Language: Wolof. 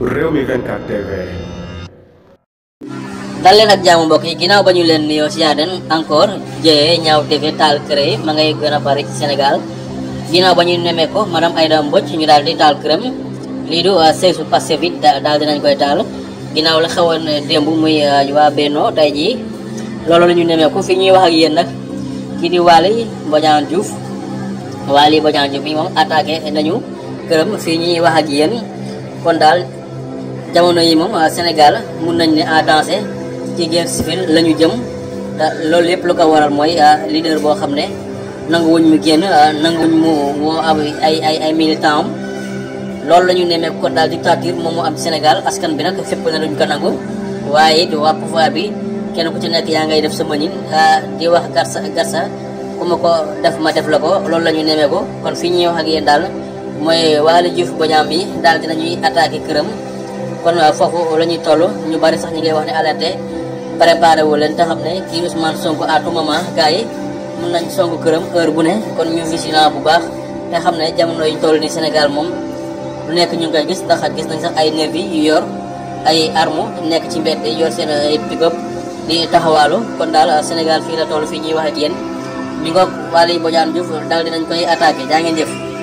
Rewmi dal leen ak jaamu mbokk yi ginnaaw ba ñu leen nuyoo si yaa den encore jëyee ñaaw TV taal kër ma ngay gën a ci Sénégal ginnaaw ba ñu nemee ko madame Aïda Mbodj ñu daal di taal këram lii du saytu Pastef it daal dinañ koy taal ginnaaw la xewoon euh, démb muy euh, waa Benno tey jii loolu la ñu fi ñuy wax ak yéen nag kii di Waly Bodian Diouf Waly Bodian Diouf mi moom attaqué nañu këram fii ñuy wax ak kon daal jamono yi moom euh, Sénégal mun nañ ne à ah, danser ci guerre civile la ñu jëm loolu yëpp lu ko waral mooy euh, leader boo xam ne nanguwuñ mu génn euh, nanguwuñ mu woo ay ay ay militant am loolu lañu ñu nemmeeku kon daal dictature moom moo am Sénégal askan bi nag fépp na duñ ko nangu waaye it waa pouvoir bi kenn ku ci nekk yaa ngay def sa mënin di wax garsa garsa ku ma ko def ma def la ko loolu la ñu ko kon fii ñuy wax ak yéen daal mooy Waly Diouf Bodiang bi daal dinañuy attaqué këram. kon euh, foofu la ñuy toll ñu bari sax ñi ngay wax ne alerté préparé wu leen te xam ne kii Ousmane Sonko à tout moment gars yi mën nañ songu këram heure bu ne kon ñu vigilant bu baax te xam ne jamono yi toll ni Sénégal moom lu nekk ñu ngi koy gis ndax gis nañ sax ay nervi yu yor ay armes nekk ci mbedd yor seen ay pick-up taxawaalu kon daal euh, Sénégal fii la toll fii ñuy wax ak yéen mi ngoog Waly Bodian Diouf daal nañ koy attaqué jaa ngi jëf